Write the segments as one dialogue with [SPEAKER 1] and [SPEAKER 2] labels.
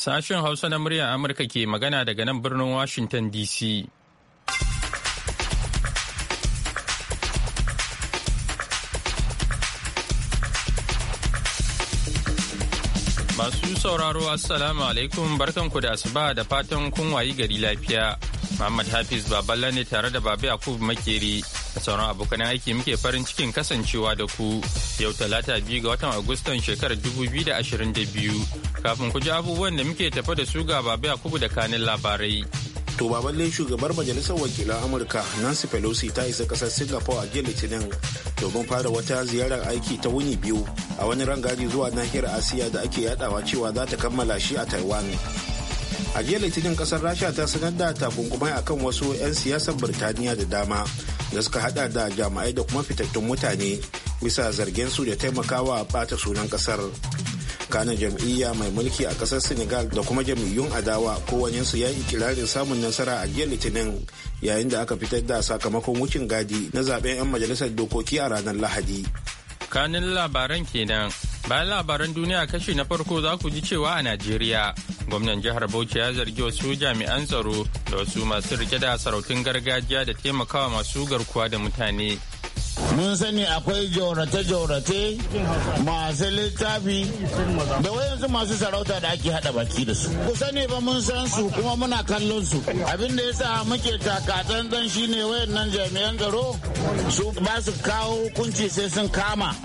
[SPEAKER 1] Sashen Hausa na muryar Amurka ke magana daga nan birnin Washington DC. Masu sauraro Assalamu alaikum barkanku da asuba da fatan kun wayi gari lafiya. Muhammad Hafiz Baballa ne tare da Babu Yakubu Makeri sauran abokan aiki muke farin cikin kasancewa da ku yau talata biyu ga watan agustan shekarar 2022 kafin ku ji abubuwan da muke tafa da su ga babu yakubu da kanin labarai to
[SPEAKER 2] lai shugabar majalisar wakilan amurka nancy pelosi ta isa kasar singapore a jiya litinin domin fara wata ziyarar aiki ta wuni biyu a wani rangadi zuwa nahiyar asiya da ake yadawa cewa za ta kammala shi a taiwan a jiya litinin kasar rasha ta sanar da takunkumai akan wasu 'yan siyasar birtaniya da dama da suka hada da jama'ai da kuma fitattun mutane bisa zargin su da taimakawa bata sunan kasar kana jam'iyya mai mulki a kasar senegal da kuma jam'iyyun adawa kowanensu ya yi kirarin samun nasara a jiya litinin yayin da aka fitar da sakamakon wucin gadi na zaben 'yan majalisar dokoki a ranar lahadi
[SPEAKER 1] kanin labaran kenan Bayan labaran duniya kashi na farko za ku ji cewa a Najeriya, gwamnan jihar Bauchi ya zargi wasu jami'an tsaro da wasu masu rike da sarautun gargajiya da taimakawa masu garkuwa da mutane. Mun
[SPEAKER 3] sani akwai jaurate-jaurate masu littafi da su masu sarauta da ake hada baki da su. Ku sani ba mun san su kuma muna kallon su. Abin da ya sa muke takatsantsan shine wayannan jami'an tsaro su ba su kawo hukunci sai sun kama.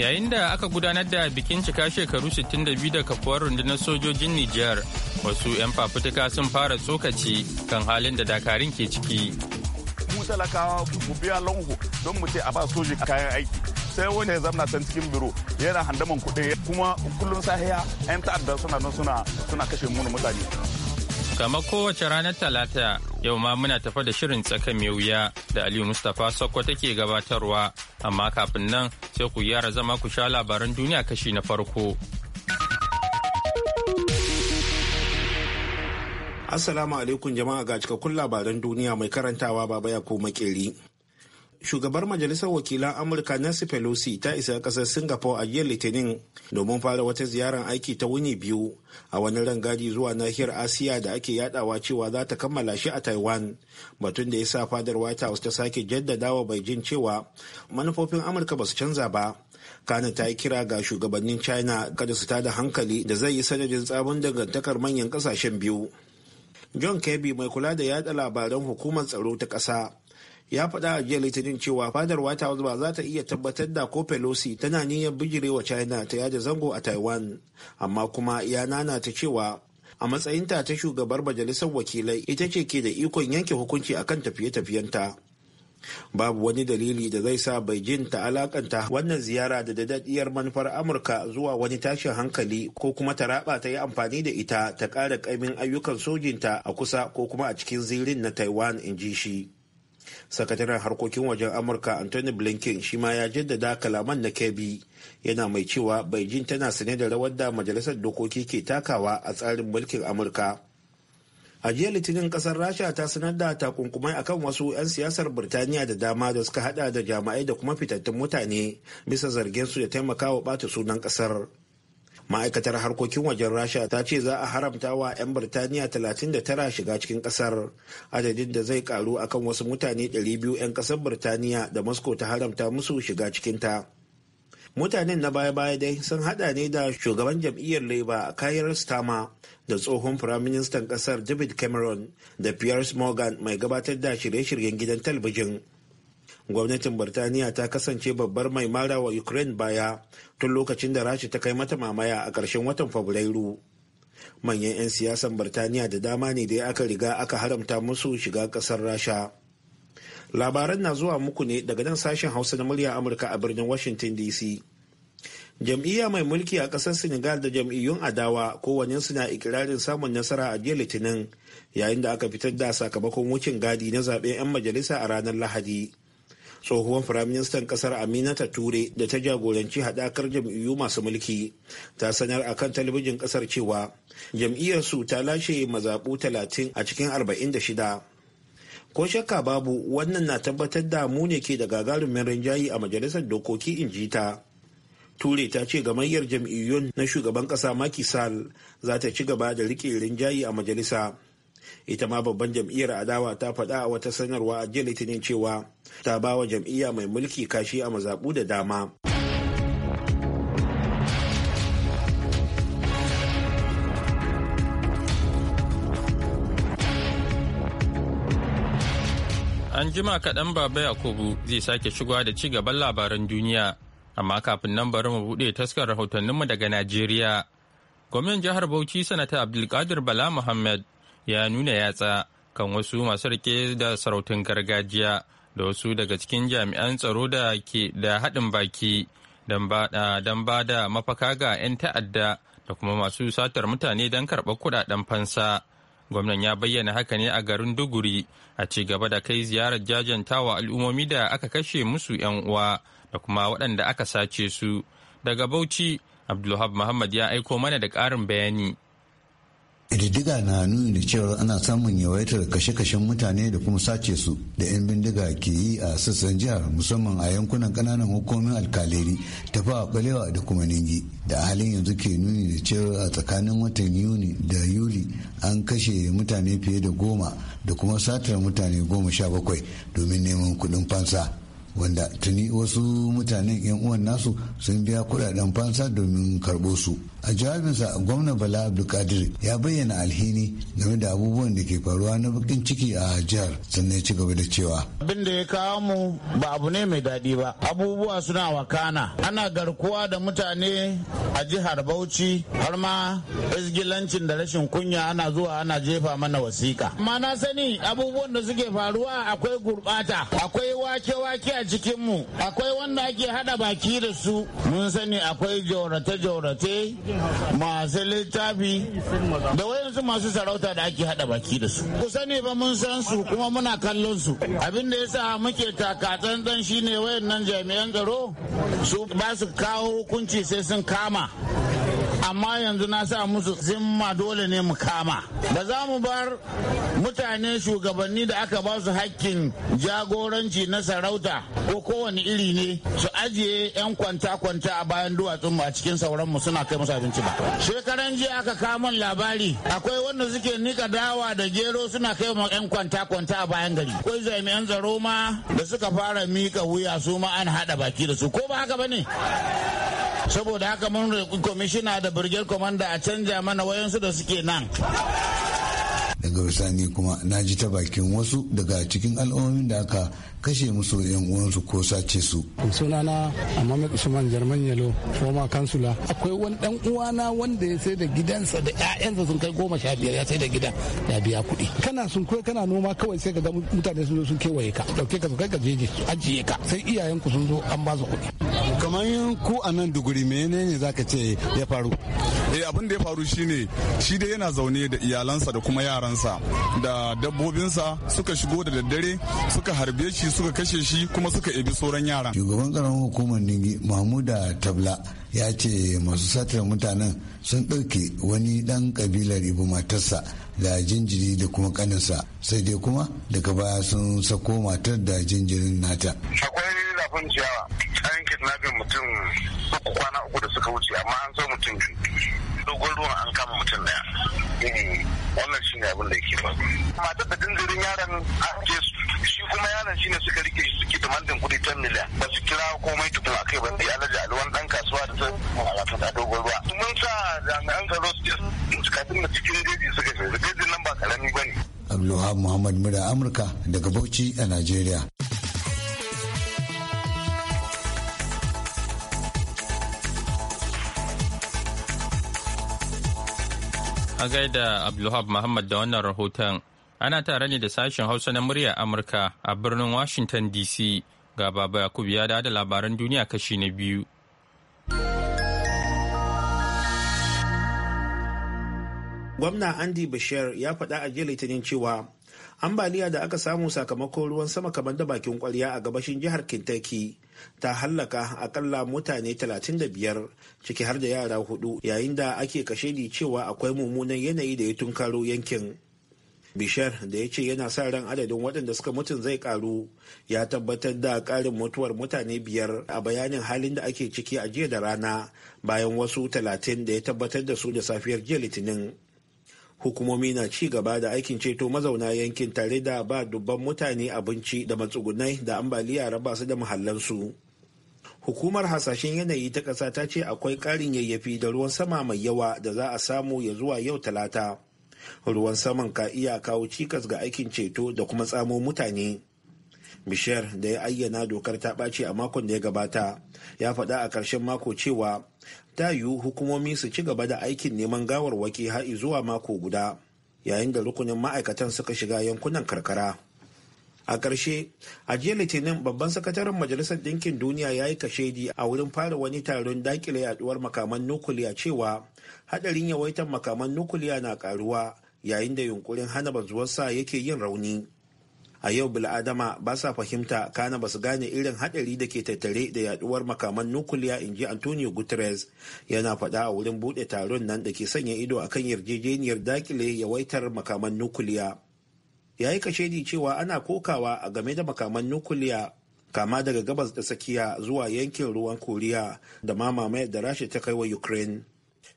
[SPEAKER 1] yayin da aka gudanar da bikin cika shekaru 62 da kafuwar rundunar sojojin Nijar wasu 'yan fafutuka sun fara tsokaci kan halin da dakarun ke ciki.
[SPEAKER 4] Mu talakawa mu biya don mu ce a ba soji kayan aiki sai wani ya zamna can cikin biro yana handaman kuɗi kuma kullum sahiya 'yan ta'adda suna nan suna suna kashe munu mutane.
[SPEAKER 1] Kamar kowace ranar Talata yau ma muna tafa da shirin tsakan mai wuya da Aliyu Mustapha Sokko take gabatarwa amma kafin nan sai ku yara zama ku sha labaran duniya kashi na farko.
[SPEAKER 2] Assalamu alaikum jama'a ga cikakkun labaran duniya mai karantawa baba ya ko makeri. shugabar majalisar wakilan amurka nancy pelosi ta isa kasar singapore a jiya litinin domin fara wata ziyarar aiki ta wuni biyu a wani rangadi zuwa nahiyar asiya da ake yadawa cewa za ta kammala shi a taiwan batun da ya sa fadar white house ta sake jaddadawa beijing cewa manufofin amurka ba su canza ba kana ta yi kira ga shugabannin china kada su tada hankali da zai yi sanadin tsabon dangantakar manyan kasashen biyu john kirby mai kula da yada labaran hukumar tsaro ta kasa. ya faɗa a jiya litinin cewa fadar white house ba za ta iya tabbatar da ko pelosi tana niyyar bijirewa china ta yada zango a taiwan amma kuma ya ta cewa a matsayinta ta shugabar majalisar wakilai ita ce ke da ikon yanke hukunci akan tafiye-tafiyenta babu wani dalili da zai sa beijing ta alakanta wannan ziyara da dadadiyar manufar amurka zuwa wani tashin hankali ko kuma ta raba ta yi amfani da ita ta ƙara ƙamin ayyukan sojinta a kusa ko kuma a cikin zirin na taiwan in ji shi sakataren harkokin wajen amurka anthony blinken shi ma ya jaddada kalaman na kebi yana mai cewa beijing tana sane da rawar da majalisar dokoki ke takawa a tsarin mulkin amurka a jiya litinin kasar rasha ta sanar da takunkumai akan wasu 'yan siyasar birtaniya da dama da suka hada da jama'ai da kuma fitattun mutane bisa zargin su da taimakawa bata sunan kasar ma'aikatar harkokin wajen rasha ta ce za a haramta wa 'yan birtaniya 39 shiga cikin kasar adadin da zai karu akan wasu mutane 200 'yan kasar birtaniya da moscow ta haramta musu shiga cikinta mutanen na baya-baya dai sun hada ne da shugaban jam'iyyar labour kayar stama da tsohon firaministan kasar david cameron da piers morgan mai gabatar da shirye-shiryen gidan talabijin gwamnatin birtaniya ta kasance babbar mai mara wa ukraine baya tun lokacin da rasha ta kai mata mamaya a ƙarshen watan fabrairu manyan 'yan siyasan birtaniya da dama ne da aka riga aka haramta musu shiga ƙasar rasha labaran na zuwa muku ne daga nan sashen hausa na murya amurka a birnin washington dc jam'iyya mai mulki a ƙasar senegal da jam'iyyun adawa su na ikirarin samun nasara a jiya litinin yayin da aka fitar da sakamakon wucin gadi na zaɓen 'yan majalisa a ranar lahadi tsohuwar firaministan kasar aminata ture da ta jagoranci haɗakar jam'iyyu masu mulki ta sanar a kan talabijin kasar cewa jam'iyyarsu ta lashe mazaɓu 30 a cikin 46 ko shakka babu wannan na tabbatar da mu ne ke da gagarumin rinjaye a majalisar dokoki in ji ta ture ta ce gamayyar jam'iyyun na shugaban ƙasa makisal za ta ci gaba da riƙe rinjaye a majalisa ita ma babban jam'iyyar adawa ta faɗa a wata sanarwa a jiya litinin cewa ta ba wa jam'iyya mai mulki kashi a mazaɓu da dama
[SPEAKER 1] an jima kaɗan baba yakubu zai sake shigowa da ci gaban labaran duniya amma kafin nan bari mu buɗe taskar rahotanninmu daga najeriya gwamnan jihar bauchi sanata abdulkadir bala muhammad ya nuna yatsa kan wasu masu rike da sarautun gargajiya da wasu daga cikin jami'an tsaro da ke da haɗin baki don ba da mafaka ga 'yan ta'adda da kuma masu satar mutane don karɓar kuɗaɗen fansa. Gwamnan ya bayyana haka ne a garin Duguri a ci gaba da kai ziyarar jajantawa al'ummomi da aka kashe musu 'yan uwa da kuma waɗanda aka sace su. Daga Bauchi, Abdulhab Muhammad ya aiko mana da ƙarin bayani.
[SPEAKER 5] ƙididdiga na nuni da cewa ana samun yawaitar kashe-kashen mutane da kuma sace su da 'yan bindiga ke yi a sassan jihar musamman a yankunan kananan hukumomin alkaleri ta kwalewa da kuma ningi da halin yanzu ke nuni da cewa a tsakanin watan yuni da yuli an kashe mutane fiye da goma da kuma satar mutane goma sha bakwai domin neman kuɗin fansa wanda tuni wasu mutanen 'yan uwan nasu sun biya kuɗaɗen fansa domin karɓo su a jawabinsa gwamna bala abdulkadir ya bayyana alhini game da abubuwan da ke faruwa na bakin ciki a jihar sannan ya ci gaba da cewa
[SPEAKER 3] abin da ya kawo mu ba abu ne mai daɗi ba abubuwa suna wakana ana garkuwa da mutane a jihar bauchi har ma izgilancin da rashin kunya ana zuwa ana jefa mana wasiƙa amma na sani abubuwan da suke faruwa akwai gurɓata akwai wake-wake a cikin mu akwai wanda ake haɗa baki da su mun sani akwai jaurate-jaurate masu littafi da wayansu masu sarauta da ake hada baki da su kusa ne ba mun san su kuma muna kallon su abin da yasa muke takatan takatsantsan shine wayannan jami'an tsaro su ba su kawo hukunci sai sun kama amma yanzu na sa musu zimma dole ne mu kama ba za mu bar mutane shugabanni da aka ba su hakkin jagoranci na sarauta ko kowane iri ne su ajiye 'yan kwanta-kwanta a bayan duwatsun a cikin sauranmu suna kai musu abinci ba shekaran jiya aka kama labari akwai wanda suke nika dawa da gero suna kai ma 'yan kwanta-kwanta a bayan gari akwai jami'an tsaro ma da suka fara mika wuya su ma an haɗa baki da su ko ba haka ba saboda haka mun roƙi kwamishina da birgir kwamanda a canja mana wayansu da suke nan
[SPEAKER 5] daga bisani kuma na ji ta bakin wasu daga cikin al'ummomin da aka kashe musu yan uwansu ko sace su.
[SPEAKER 6] na Ahmad Usman Jarman Yalo former kansula akwai
[SPEAKER 3] wani dan
[SPEAKER 5] uwana wanda
[SPEAKER 3] ya
[SPEAKER 6] sai da gidansa da ƴaƴansa sun kai goma sha biyar ya sai da gida ya biya kuɗi kana sun kai kana noma kawai sai ka ga mutane sun zo sun kewaye ka dauke ka kai ka jeje su ajiye ka sai iyayenku sun zo an ba su kuɗi.
[SPEAKER 5] kamar ku a nan duguri menene zaka ce ya faru. eh
[SPEAKER 4] abin da ya faru shine shi dai yana zaune da iyalansa da kuma yaransa da dabbobinsa suka shigo da daddare suka harbe shi sojoji suka kashe shi kuma suka ebi sauran yaran
[SPEAKER 5] shugaban karamin hukumar ningi mahmuda tabla ya ce masu satar mutanen sun ɗauke wani ɗan ƙabilar ibo matarsa da jinjiri da kuma ƙaninsa sai dai kuma daga baya sun sako matar da jinjirin nata akwai lafin ciyawa
[SPEAKER 4] an kidnapping mutum uku kwana uku da suka wuce amma an zo mutum biyu dogon ruwan an kama mutum daya eh. wannan shine abin da yake ba matar da dindirin yaron an je shi kuma yaron shine suka rike shi suke mandin kudi ta miliyan ba su kira komai tukun a kai ba da alaji alwan dan kasuwa da sun wato da dogon ruwa mun sa jami'an
[SPEAKER 5] tsaro su je kafin na cikin jeji suka shiga jejin nan ba karami ne. Abdullahi Muhammad Mura Amurka daga Bauchi a Najeriya.
[SPEAKER 1] A gaida Abdulhab Muhammad da wannan rahoton ana tare ne da sashen Hausa na murya Amurka a birnin Washington DC ga Baba yakub ya da labaran duniya kashi na biyu.
[SPEAKER 2] Gwamna Andy Bashir ya faɗa a jiya Litinin cewa ambaliya da aka samu sakamakon ruwan sama kamar da bakin kwarya a gabashin jihar Kentucky ta hallaka akalla mutane 35 ciki har da yara hudu yayin da ake kashe ni cewa akwai mummunan yanayi da ya tunkaro yankin bishar da ya ce yana sa ran adadin waɗanda suka mutum zai karu ya tabbatar da ƙarin mutuwar mutane biyar a bayanin halin da ake ciki a jiya da rana bayan wasu talatin da ya tabbatar da su da safiyar jiya litinin hukumomi na ci gaba da aikin ceto mazauna yankin tare da ba dubban mutane abinci da matsugunai da ambaliya raba su da muhallansu hukumar hasashen yanayi ta ƙasa ta ce akwai ƙarin yayyafi da ruwan sama mai yawa da za a samu ya zuwa yau talata ruwan saman ka iya kawo cikas ga aikin ceto da kuma tsamo mutane Bishiyar da ya ayyana dokar ta ɓaci a makon da ya gabata ya faɗa a ƙarshen mako cewa ta yiwu hukumomi su ci gaba da aikin neman gawarwaki har zuwa mako guda yayin da rukunin ma'aikatan suka shiga yankunan karkara a ƙarshe a jiya litinin babban sakataren majalisar ɗinkin duniya ya yi kashedi a wurin fara wani taron dakile yaduwar makaman nukuliya cewa haɗarin yawaitar makaman nukuliya na ƙaruwa yayin da yunkurin hana bazuwarsa yake yin rauni a yau bil'adama ba sa fahimta kana ba su gane irin hadari da ke tattare da yaduwar makaman nukuliya in ji antonio guterres yana faɗa a wurin buɗe taron nan da ke sanya ido a kan yarjejeniyar dakile yawaitar makaman nukuliya ya yi kashedi cewa ana kokawa a game da makaman nukuliya kama daga gabas da tsakiya zuwa yankin ruwan koriya da ma mamayar da rasha ta kai wa ukraine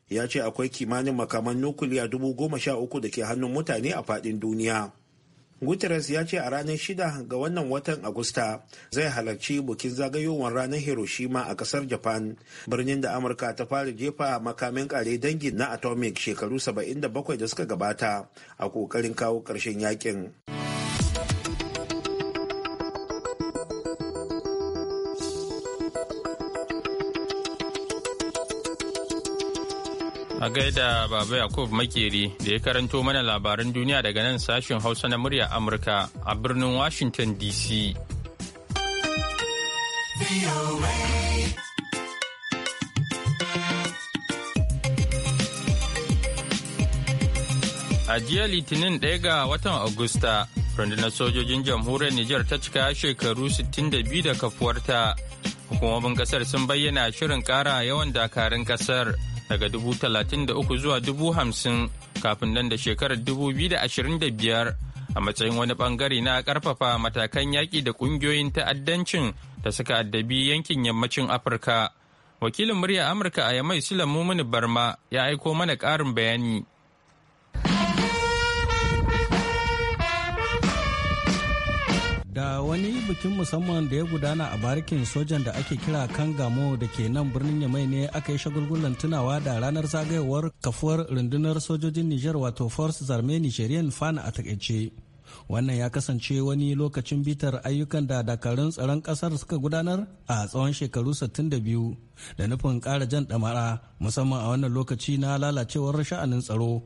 [SPEAKER 2] ya ce akwai kimanin makaman nukuliya dubu goma sha uku da ke hannun mutane a faɗin duniya guterres ya ce a ranar shida ga wannan watan agusta zai halarci bukin zagayowar ranar hiroshima a kasar japan birnin da amurka ta fara jefa makamin kare dangi na atomic shekaru 77 da suka gabata a kokarin kawo ƙarshen yakin.
[SPEAKER 1] A gaida Baba Yakub Makeri da ya karanto mana labaran duniya daga nan sashen Hausa na murya Amurka a birnin Washington DC. A jiya Litinin ɗaya ga watan Agusta, rundunar sojojin jamhuriyar Nijar ta cika shekaru 62 da kafuwarta. Hukumomin kasar sun bayyana shirin ƙara yawan dakarun kasar. daga dubu talatin da uku zuwa dubu hamsin kafin nan da shekarar dubu biyu da ashirin da biyar a matsayin wani bangare na karfafa matakan yaƙi da ƙungiyoyin ta'addancin da suka addabi yankin yammacin afirka wakilin murya amurka a yamai sulamu mini barma ya aiko mana ƙarin bayani
[SPEAKER 7] wani bikin musamman da ya gudana a barikin sojan da ake kira kan gamo da ke nan birnin yamai ne aka yi shagulgulan tunawa da ranar zagayowar kafuwar rundunar sojojin niger wato force zarme nigerian fana a takaice wannan ya kasance wani lokacin bitar ayyukan da dakarun tsaron kasar suka gudanar a tsawon shekaru 62 da nufin kara jan ɗamara musamman a wannan lokaci na lalacewar sha'anin tsaro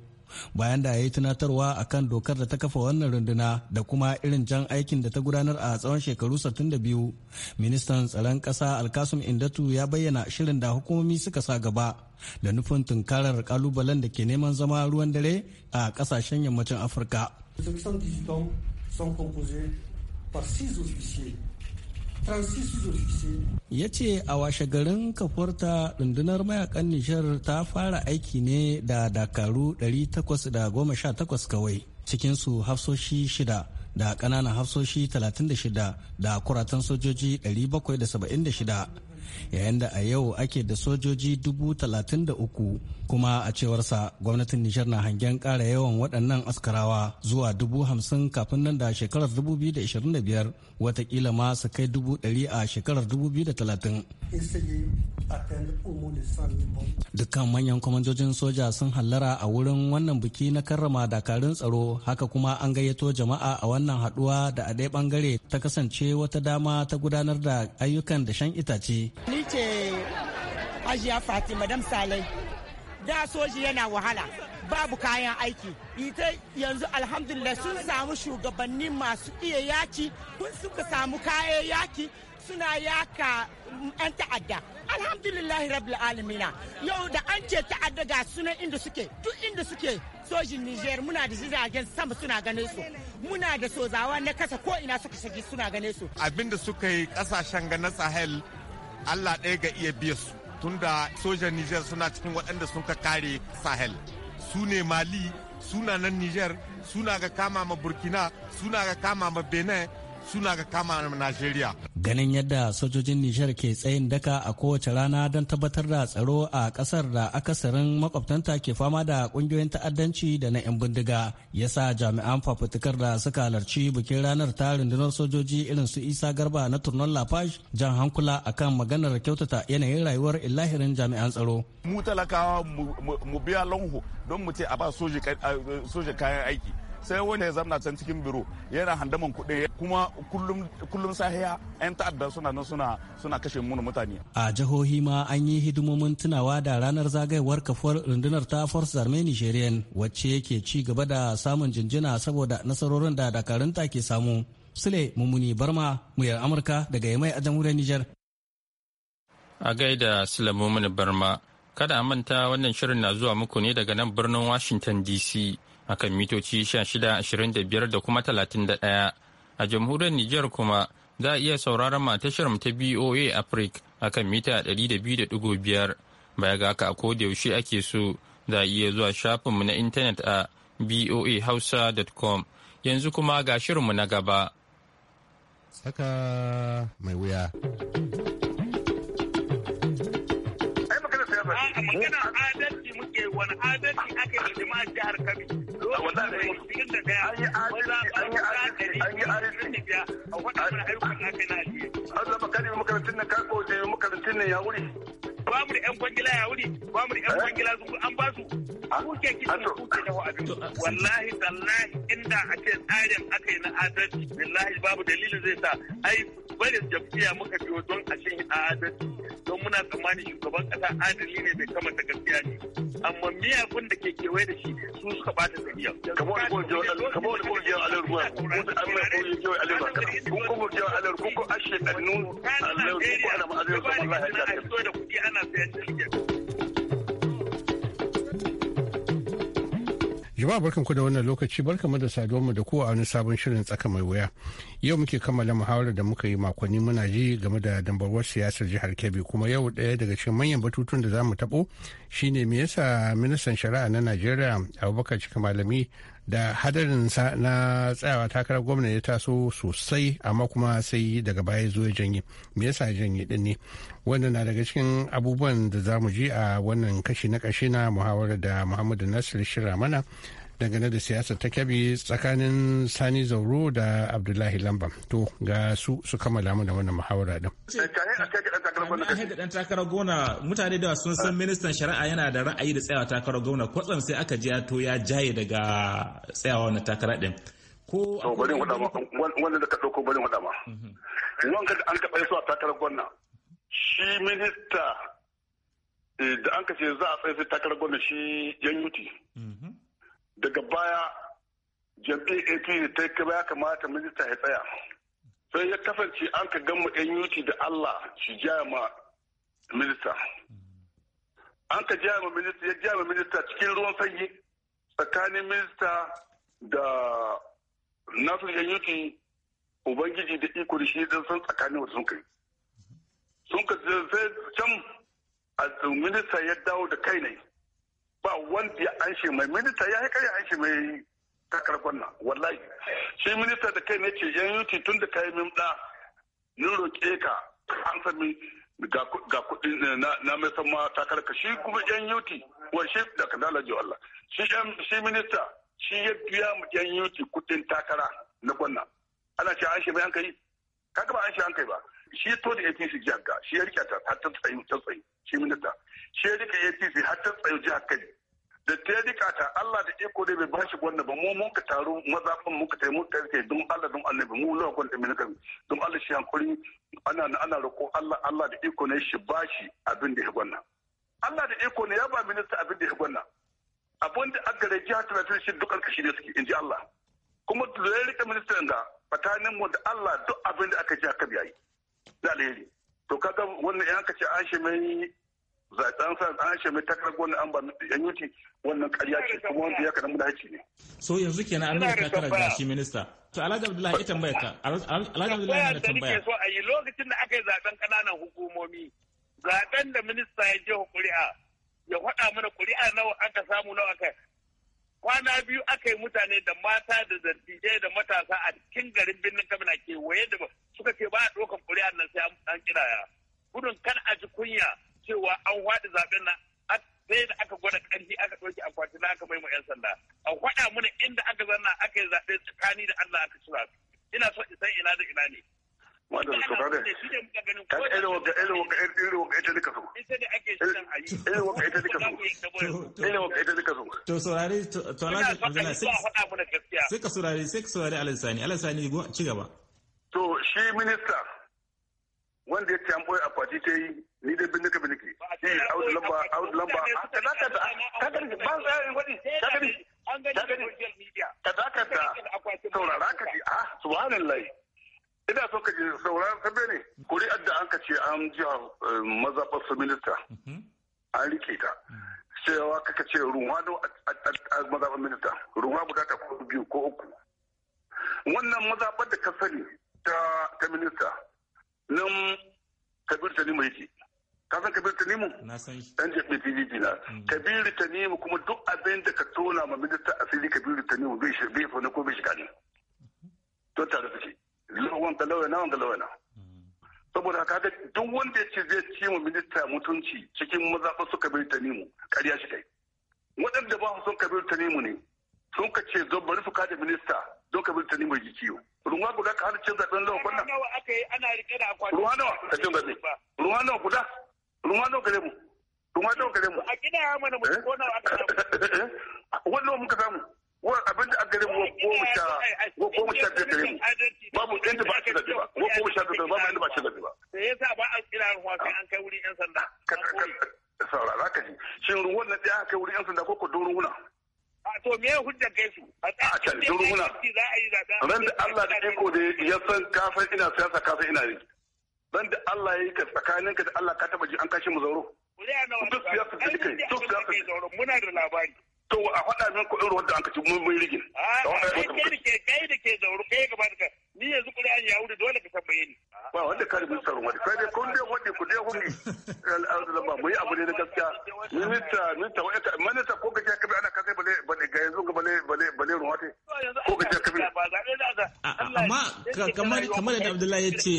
[SPEAKER 7] bayan da ya yi tunatarwa kan dokar da ta kafa wannan runduna da kuma irin jan aikin da ta gudanar a tsawon shekaru 62 ministan tsaron ƙasa alkasum indatu ya bayyana shirin da hukumomi suka sa gaba da nufin tunkarar kalubalen da ke neman zama ruwan dare a kasashen yammacin afirka ya ce a washe garin kafurta rundunar mayakan nishar ta fara aiki ne da dakaru 818 kawai cikinsu hafsoshi shida da kananan hafsoshi 36 da kuratan sojoji 776 yayin da a yau ake da sojoji 33 kuma a cewarsa gwamnatin nishar na hangen kara yawan waɗannan askarawa zuwa dubu hamsin kafin nan da shekarar 2025 watakila ma su kai dubu ɗari a shekarar 2030 dukkan manyan kwamandojin soja sun hallara a wurin wannan biki na karrama dakarun tsaro haka kuma an gayyato jama'a a wannan haɗuwa da a ɗaya ɓangare ta kasance wata dama ta gudanar da ayyukan da shan itace
[SPEAKER 4] ni ce ajiya fati madam salai da soji yana wahala babu kayan aiki ita yanzu alhamdulillah sun samu shugabanni masu iya yaki kun suka samu kayan yaki suna yaka 'yan ta'adda alhamdulillah rabbil alamina yau da an ce ta'adda ga sunan inda suke duk inda suke sojin niger muna da jiragen sama suna gane su muna da sozawa
[SPEAKER 7] na kasa ko ina suka shigi suna gane su
[SPEAKER 6] abinda suka yi kasashen ga na sahel allah ɗaya ga iya biya su tunda sojan Nijar suna cikin waɗanda sun ka kare Sahel. Su ne Mali, suna nan Nijar, suna ga kama ma Burkina, suna ga kama ma Benin, suna ga kama ma Najeriya.
[SPEAKER 7] ganin yadda sojojin Nijar ke tsayin daka a kowace rana don tabbatar da tsaro a kasar da akasarin makwabtanta ke fama da ƙungiyoyin ta'addanci da na 'yan bindiga ya sa jami'an fafutukar da suka halarci bikin ranar ta rundunar sojoji irin su isa garba na turnon lafash jan hankula akan maganar kyautata yanayin rayuwar illahirin jami'an tsaro
[SPEAKER 4] mu talakawa mu biya lanho don mu ce a ba soja kayan aiki sai wani ya zamna can cikin biro yana handaman kuɗi kuma kullum sahiya 'yan ta'adda suna nan suna kashe mun
[SPEAKER 7] mutane a jihohi ma an yi hidimomin tunawa da ranar zagayewar kafuwar rundunar ta force army nigerian wacce ke ci gaba da samun jinjina saboda nasarorin da dakarunta ke samu sule mummuni barma muyar amurka daga yamai a jamhuriyar niger
[SPEAKER 1] a gaida sule mummuni barma kada a manta wannan shirin na zuwa muku ne daga nan birnin washington dc akan mitoci 1625 da kuma 31 a jamhuriyar Nijar kuma za a iya sauraron matashar ta BOA Africa akan mita 200.5 baya ga haka a yaushe ake so za a iya zuwa shafinmu na intanet a boahausa.com yanzu kuma ga shirinmu na gaba.
[SPEAKER 6] Saka mai wuya.
[SPEAKER 1] Magana adalci muke wani adalci ake da jama'a jihar Kano. Allah ba kare
[SPEAKER 4] makarantun nan ka koje makarantun nan ya wuri. ba mu da yan kwangila ya wuri ba mu da yan kwangila su an ba su kuke kitan kuke da abin wallahi tallahi inda ake ce tsarin aka yi na adalci wallahi babu dalilin zai sa ai barin jam'iyya muka biyo don a shi adalci don muna tsammanin shugaban kasa adali ne bai kamata gaskiya ne amma miyagun da ke kewaye da shi su suka ba bata tafiya kamar wani kungiyar alarwa wata an mai kungiyar alarwa kun kungiyar alarwa kun ko ashe ɗannun
[SPEAKER 6] alarwa kun ko ana ma'azin kamar lahiya Jama'a barkan da wannan lokaci barka da saduwar mu da kowa a wani sabon shirin tsaka mai wuya. Yau muke kammala muhawarar da muka yi makonni muna ji game da dambarwar siyasar jihar Kebbi kuma yau ɗaya daga cikin manyan batutun da za mu taɓo shine me yasa ministan shari'a na Najeriya Abubakar Cika Malami da hadarin sa na tsayawa takarar gwamna ya taso sosai amma kuma sai daga baya zo ya janye me yasa janye din ne wannan na daga cikin abubuwan da za mu ji a wannan kashi na kashi na muhawarar da muhammadu nasir shira mana dangane da siyasa ta kyabi tsakanin sani zauro da abdullahi lambam to ga su su kammala mu da wannan muhawara din
[SPEAKER 4] eh,
[SPEAKER 8] takarar gona mutane da sun san ministan shari'a yana da ra'ayi da tsayawa takarar gona kwatsam sai aka ji to ya jaye daga tsayawa wannan takara din
[SPEAKER 4] ko bari da ka dauko bari hada ma mhm. wanda an ka tsaye takarar gona shi minista eh, da an ka ce za a tsaye sai takarar gona shi yan yuti mhm. daga baya jam'iyyar apc ta kaba ya kamata minista ya tsaya sai ya kasance an ka gama nut da allah shi jaya ma minista an ka jaya ma minista ya jaya ma minista cikin ruwan sanyi tsakanin minista da nasu nut ubangiji da iko da shi dan san tsakanin wasu kai sun ka zai can a minista ya dawo da kai ne ba wanda ya anshe mai minista ya yi kare anshe mai takarkon nan wallahi shi minista da kai ne ce yan yuti tun da kai min da ni roƙe ka an sami ga kuɗi eh, na mai sama ma takarka shi kuma yan yuti wa shi da dala ji Allah shi shi minista shi ya biya mu yan yuti kuɗin takara na gwamna ana ce an shi mai hankali kaga ba an shi hankali ba shi to da APC jihar ga shi ya rike ta har ta tsayi ta tsayi shi minista shi ya rike APC har ta tsayi jihar kai da ta yi dikata Allah da iko dai bai bashi gwanda ba mu mun ka taru mazaɓin mun ka taimu ta yake don Allah don ba mu lawa gwanda da nakan don Allah shi hankuri ana ana roƙo Allah Allah da iko ne shi bashi abin da ya gwanna Allah da iko ne ya ba minista abin da ya gwanna abin da aka rage ya talatin shi duk kashi ne suke inji Allah kuma da ya rike ministan da fatanin mu da Allah duk abin da aka ji aka biya yi da alheri to kaga wannan yan ka ce an shi mai zaɓen sa an shi mai takar gwani an ba yan yuti wannan karya ce kuma wanda ya kaɗan mulaci ne.
[SPEAKER 8] so yanzu kenan an nuna takarar da shi minista. to alhaji abdullahi ita tambaya ka
[SPEAKER 6] alhaji abdullahi yana tambaya. so
[SPEAKER 4] a yi lokacin da aka yi zaɓen ƙananan hukumomi zaɓen da minista ya je kuri'a ya faɗa mana kuri'a nawa aka samu nawa aka kwana biyu aka yi mutane da mata da dattijai da matasa a cikin garin birnin kamina kewaye da suka ce ba a ɗaukar kuri'a nan sai an kiraya gudun kan a ji kunya cewa an waɗi zaɓen nan sai da aka gwada ƙarfi aka ɗauki a na aka mai mu 'yan sanda a faɗa mana inda aka zanna aka yi zaɓe tsakani da Allah aka cira su ina so isan ina da ina ne. Wanda Madalla to kaga kaga irin waka irin waka irin waka ita nika so. Ita da ake shirin a yi. Irin waka ita nika so. Irin waka ita nika so.
[SPEAKER 8] To saurare to Alhaji Abdullahi sai ka
[SPEAKER 4] faɗa mana gaskiya. Sai ka
[SPEAKER 8] saurare sai ka saurare Alhaji Sani Alhaji Sani ci gaba.
[SPEAKER 4] To shi minista wanda ya ce an boye akwati ta yi ni dai bin nika binike ni audu lamba audu lamba ka zaka ta ka gani ba za yi wani ka gani ka gani ka zaka ta saurara ka ji ah subhanallah ina so ka ji saurara sabbe ne kuri'ar da an ka ce an ji eh, mazaɓar su minista mhm. an rike ta cewa kaka ce ruwa a mazaɓar minista ruwa guda ta ko biyu ko uku wannan mazaɓar da ka sani ta minista nan kabir tanimu yake ka san kabir tanimu na san shi dan jefe tv na mm. kabir tanimu kuma duk abin da ka tona ma minista asiri kabir tanimu bai shirbe bai na ko bai shiga ne to tare suke lawan galawa na wanga lawa na saboda kaga duk wanda ya ce zai ci mu minista mutunci cikin mazaɓa su kabir tanimu ƙarya shi kai waɗanda ba su son kabir tanimu ne sun ka ce don bari su kada minista don ka binta ni mai ji ciwo. Ruwa guda ka hana cin zaɓen lawan wannan. Ruwa nawa aka yi ana rike da akwati. Ruwa nawa ka cin zaɓe. Ruwa nawa guda. Ruwa nawa gare mu. Ruwa nawa gare mu. A gina ya mana mutu ko nawa aka samu. Eh? Eh? Wannan muka samu. Wani abin da aka gare mu ko mu sha ko mu sha gare mu. Babu inda ba a ci zaɓe ba. Ko mu sha zaɓe ba inda ba a ci zaɓe ba. Me yasa ba a kira ruwa sai an kai wuri 'yan sanda. Saurara ka ji. Shin ruwan na ɗaya aka kai wurin 'yan sanda ko ko doron wuna. A to me ya hujjar kai su? A can duru muna. Ran da Allah da iko da ya san kafin ina siyasa kafin ina ne. Ran da Allah ya yi ka tsakaninka da Allah ka taba ji an kashe mu zauro. Duk siyasa ta kai. Duk siyasa ta kai. Muna da labari. to a faɗa min kuɗin ruwan da an kaci mun mun rigin. Ah, kai da ke kai da ke zauro kai gaba da ka ni yanzu ƙuri'an ya wuri dole ka tambaye ni. Ba wanda ka rubuta tsaron wani kai dai kun dai wani ku dai hungi al'adulama mu yi abu ne na gaskiya minista minista wai ka minista ko gaje ka bi
[SPEAKER 8] ana kasai bale bale ga yanzu ga bale bale bale ruwa te ko gaje ka bi.
[SPEAKER 4] Amma kamar kamar da Abdullahi ya
[SPEAKER 8] ce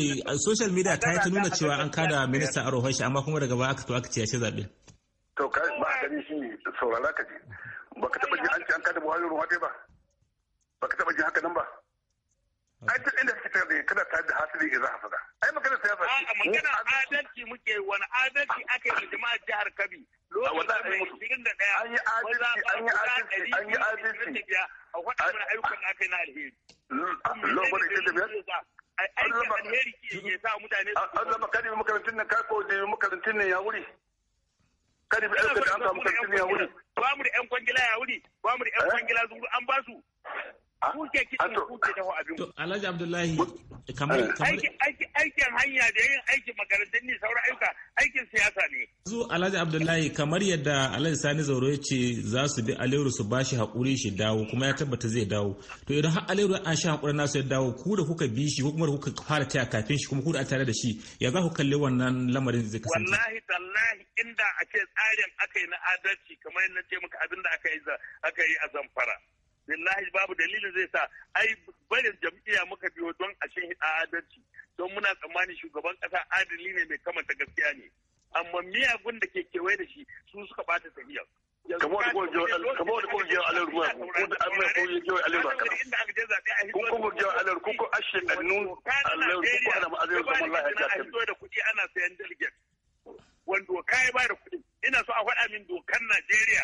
[SPEAKER 8] social media ta yi ta nuna cewa an kada minista a rohon amma kuma daga baya aka to aka ce ya ce zaɓe.
[SPEAKER 4] To ka ba a gani shi saurara ka ji. baka taba ji an ce an kada buhari ruwa ba baka taba ji haka nan ba ai duk inda suke tare kada ta da hasili idan hafada ai magana ta yafa a magana adalci muke wani adalci ake yi jama'a jihar Kabi lokacin da ishirin da daya an yi adalci an yi adalci an yi adalci a wata mana ayyukan aka ake na alheri lokacin da ishirin da biyar aikin alheri ke sa mutane su Allah makarantun nan kako da makarantin nan ya wuri kada bi aika da an samu kantin ya wuri ba mu da yan kwangila ya wuri ba mu da yan kwangila zuru an ba su Kuke kiɗin kuke abin. Alhaji Abdullahi kamar eh. aikin hanya da yin aikin makarantar ne sauran ayyuka aikin
[SPEAKER 8] siyasa ne. Zu Alhaji Abdullahi kamar yadda Alhaji Sani Zauro ya ce za su bi Aliyu su bashi haƙuri shi dawo kuma ya tabbata zai dawo. To idan har Aliyu an sha haƙuri nasu ya dawo ku da kuka bi shi ko kuma kuka fara taya kafin shi kuma ku da tare da shi ya za ku kalli wannan lamarin zai kasance.
[SPEAKER 4] Wallahi tallahi inda a ce tsarin aka yi na adalci kamar yadda ce maka abin da aka yi a zamfara. lillahi babu dalilin zai sa ai barin jam'iyya muka biyo don a shi adalci don muna tsammanin shugaban kasa adali ne mai kamata gaskiya ne amma miyagun da ke kewaye da shi su suka bata tafiyar kamar da kuma jiyar Alaruwa, ko da kuma ko kuɗi ina so a faɗa min dokar Najeriya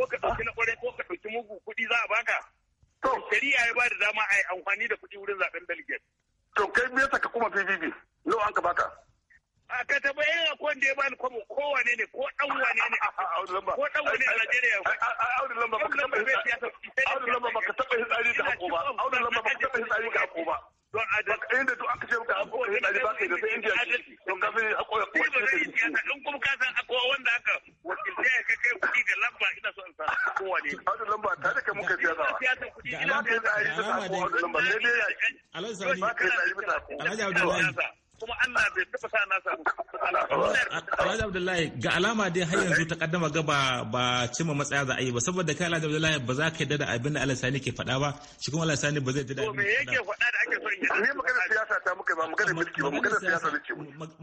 [SPEAKER 4] ko ka ɗauki na ƙwarai ko ka ɗauki mugu kuɗi za a baka. To shari'a ya ba da dama a yi amfani da kuɗi wurin zaɓen delegate. To kai me yasa ka kuma PPP? n'o an ka baka? A ka taɓa yin akwai ya ne ko ɗan wane ne. Ko ɗan wane a Najeriya. Audu lamba ba ka taɓa yin tsari hako ba. Audu lamba ba ka taɓa yin tsari hako ba. don adalci inda duk aka ce ka abuwa sai da ba kai da sai inda shi don ka sai ko akwai ba zai yi in kuma ka san akwai wanda aka wakilta ya kai kuɗi ga lamba ina so in sa kowa ne hadu lamba ta da kai muka da alama da alhaji kuma Allah bai taba sa na samu
[SPEAKER 8] Alhaji Abdullahi ga alama dai har yanzu ta kaddama ga ba ba cimma matsaya za a yi ba saboda kai Alhaji Abdullahi ba za ka yarda da abin da Sani ke faɗa ba shi kuma Sani ba zai yarda da abin da yake faɗa
[SPEAKER 4] da ake son yi ne magana siyasa ta muka ba magana mulki ba magana siyasa ne ce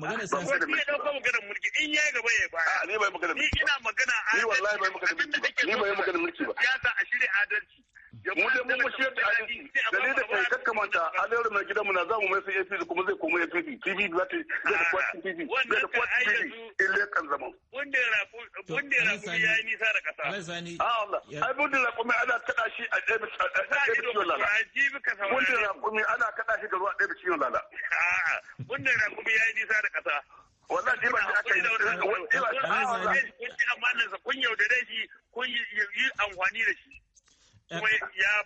[SPEAKER 4] magana siyasa ba, ne da kuma magana mulki in yayi gaba ya ba ne bai magana ni ina magana ni wallahi bai magana ni bai magana mulki ba siyasa a shirye adalci mu dai mun mushiyar da ainihi dalilin da kai kakkamanta alayyar na gidanmu na zamu mai sai APC kuma zai koma APC TV za ta zai da kwatin TV zai da kwatin TV ille kan zaman. Bunde rafu bunde rafu ya yi nisa
[SPEAKER 1] da kasa. Allah sani. Ah Allah. Ai
[SPEAKER 4] bunde rafu mai ana kada shi a ɗaya a ɗaya ciwon lala. Bunde rafu mai ana kada shi da ruwa ɗaya ciwon lala. A'a bunde rafu ya yi nisa da kasa. wannan riba da aka yi da wani riba ta hawa kun ji amanar sa kun yaudare shi kun yi amfani da shi ya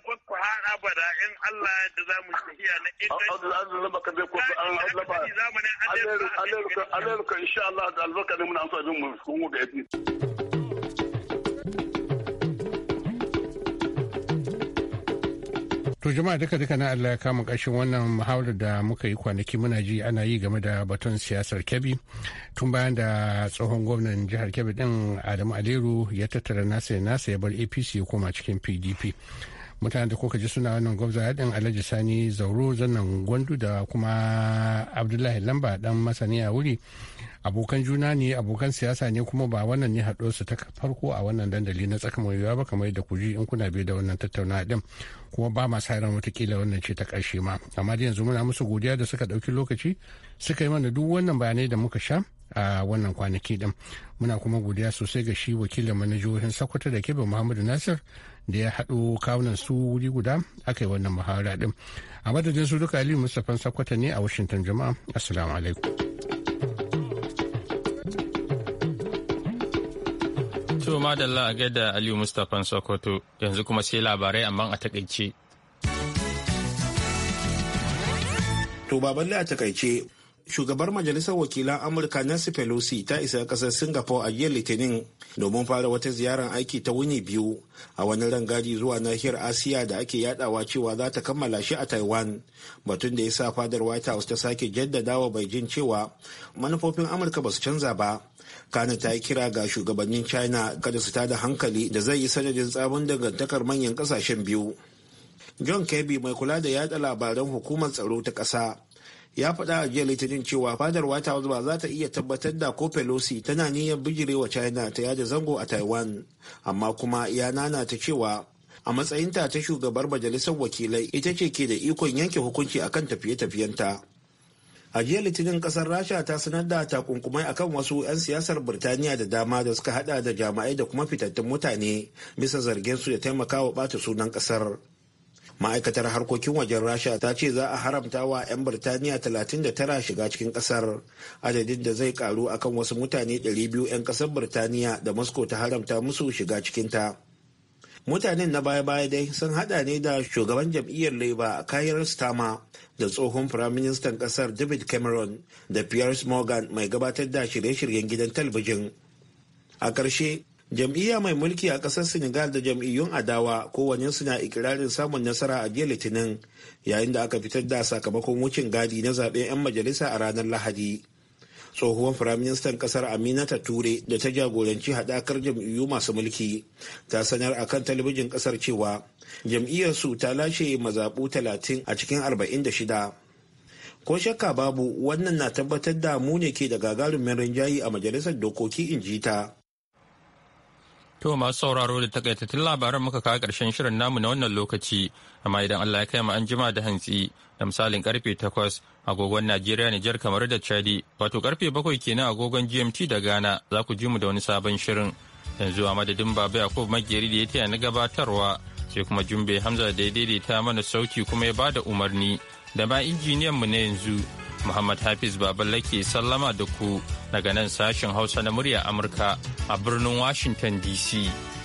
[SPEAKER 4] bakku har abada in Allah ya da zamu tafiya na inda an zama ka zai ko an zama an zama ka insha Allah da albarka
[SPEAKER 6] ne muna amsa bin mu kun da yadi To jama'a duka duka na Allah ya kama ƙarshen wannan muhawarar da muka yi kwanaki muna ji ana yi game da batun siyasar Kebbi tun bayan da tsohon gwamnan jihar Kebbi din Adamu Aliru ya tattara nasa ya nasa ya bar APC ya koma cikin PDP. mutane da kuka ji suna wannan ya yaɗin alhaji sani zauro zannan gwandu da kuma abdullahi lamba dan masani a wuri abokan juna ne abokan siyasa ne kuma ba wannan ne haɗo su ta farko a wannan dandali na tsaka mai ba kamar yadda ku ji in kuna bai da wannan tattaunawa din kuma ba masu hairan watakila wannan ce ta ƙarshe ma amma da yanzu muna musu godiya da suka ɗauki lokaci suka yi mana duk wannan bayanai da muka sha a wannan kwanaki din muna kuma godiya sosai ga shi wakilin manajohin sakwata da kebe muhammadu nasir da ya haɗo kawunan su wuri guda aka yi wannan muhawara din a madadin su duka aliyu mustapha sakwata ne a washington jama'a assalamu alaikum
[SPEAKER 1] to madalla a gaida aliyu mustapha sokoto yanzu kuma sai labarai amma a takaice
[SPEAKER 2] to baballe a takaice shugabar majalisar wakilan amurka nancy pelosi ta isa kasar singapore a jiya litinin domin fara wata ziyarar aiki ta wuni biyu a wani rangadi zuwa nahiyar asiya da ake yadawa cewa za ta kammala shi a taiwan batun da ya sa fadar white house ta sake jaddadawa wa beijing cewa manufofin amurka ba su canza ba kana ta yi kira ga shugabannin china kada su tada hankali da zai yi sanadin tsabon dangantakar manyan kasashen biyu john kirby mai kula da yada labaran hukumar tsaro ta kasa. ya faɗa a jiya litinin cewa fadar white house ba za ta iya tabbatar da ko pelosi tana niyyar bijirewa china ta yada zango a taiwan amma kuma ya nana ta cewa a matsayinta ta shugabar majalisar wakilai ita ce ke da ikon yanke hukunci akan tafiye-tafiyenta a jiya litinin kasar rasha ta sanar da takunkumai akan wasu 'yan siyasar birtaniya da dama da suka hada da jama'ai da kuma fitattun mutane bisa zargin su da taimakawa bata sunan kasar ma'aikatar harkokin wajen rasha ta ce za a haramta wa 'yan birtaniya 39 shiga cikin kasar adadin da zai karu akan wasu mutane 200 'yan kasar birtaniya da moscow ta haramta musu shiga cikin ta. mutanen na baya-baya dai sun hada ne da shugaban jam'iyyar labour kayar stama da tsohon firaministan kasar david cameron da pierce morgan mai gabatar da shirye-shiryen gidan talabijin a ƙarshe jam'iyya mai mulki a ƙasar senegal da jam'iyyun adawa su na ikirarin samun nasara a jiya litinin yayin da aka fitar da sakamakon wucin gadi na zaɓen 'yan majalisa a ranar lahadi tsohuwar firaministan kasar aminata ture da ta jagoranci haɗakar jam'iyyu masu mulki ta sanar a kan talabijin ƙasar cewa jam'iyyarsu ta lashe mazaɓu talatin a cikin arba'in da shida ko shakka babu wannan na tabbatar da mu ne ke da gagarumin rinjayi a majalisar dokoki in ji ta
[SPEAKER 1] To masu sauraro da takaitattun labaran muka kawo ƙarshen shirin namu na wannan lokaci, amma idan Allah ya kai mu an jima da hantsi da misalin karfe takwas agogon Najeriya Nijar kamar da Chadi, wato karfe bakwai kenan agogon GMT da Ghana za ku ji mu da wani sabon shirin. Yanzu a madadin Baba Yakub Magyari da ya taya na gabatarwa sai kuma Jumbe Hamza da ya daidaita mana sauti kuma ya bada umarni da ma injiniyan mu na yanzu Muhammad Hafiz Baballe ke sallama da ku daga nan sashin Hausa na murya Amurka a birnin Washington DC.